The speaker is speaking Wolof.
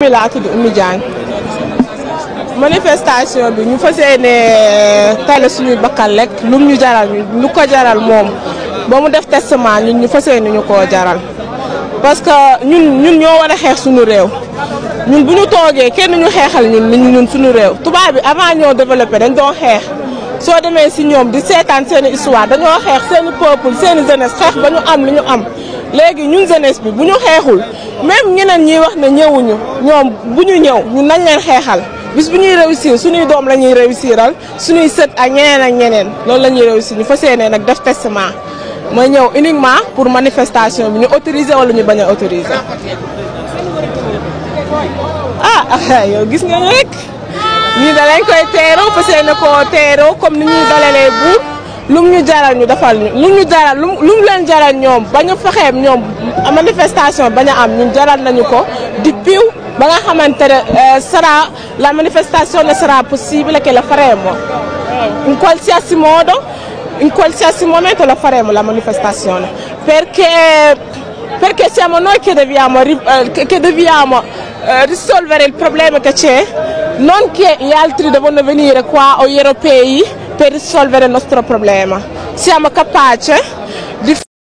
mi laa tudd Oumy Diagne manifestation bi ñu fas yéene euh, tale suñuy bakkal lekk lum ñu jaral ñu lu ko jaral moom ba mu def testament ñun ñu fas yéene ñu ko jaral parce que ñun ñun ñoo war a xeex suñu réew ñun bu ñu toogee kenn ñu xeexal ñun ñun suñu réew tubaab bi avant ñoo développé dañ doo xeex soo demee si ñoom di seetaan seen histoire dañoo xeex seeni i peuple seen i jeunesse xeex ba ñu am lu ñu am léegi ñun jeunesse bi bu ñu xeexul même ñeneen ñiy wax ne ñëwuñu ñoom bu ñu ñëw ñun nañ leen xeexal bis bu ñuy réussir suñuy doom la ñuy réussiral suñuy sët ak ñeneen ak ñeneen loolu la ñuy réussir ñu fas yéene nag def testament ma ñëw uniquement pour manifestation bi ñu autorisé wala ñu bañ a autorisé ah yow gis nga rek. ñi da lañ koy teeru fas yéene koo teeru comme ni ñuy dalalee bu lum ñu jaral ñu defal ñu lum ñu jaral lum lum leen jaral ñoom ba ñu fexeem ñoom manifestation bañ a am ñun jaral nañu ko di piw ba nga xamante ne euh, sarà la manifestazione sarà possibile che la faremo in qualsiasi modo in qualsiasi momento la faremo la manifestazione perché, perché siamo noi che dobbiamo, che euh, dobbiamo risolvere euh, il problema che c'è non che gli altri devono venire qua o gli europei per risolvere il nostro problema. Siamo capaci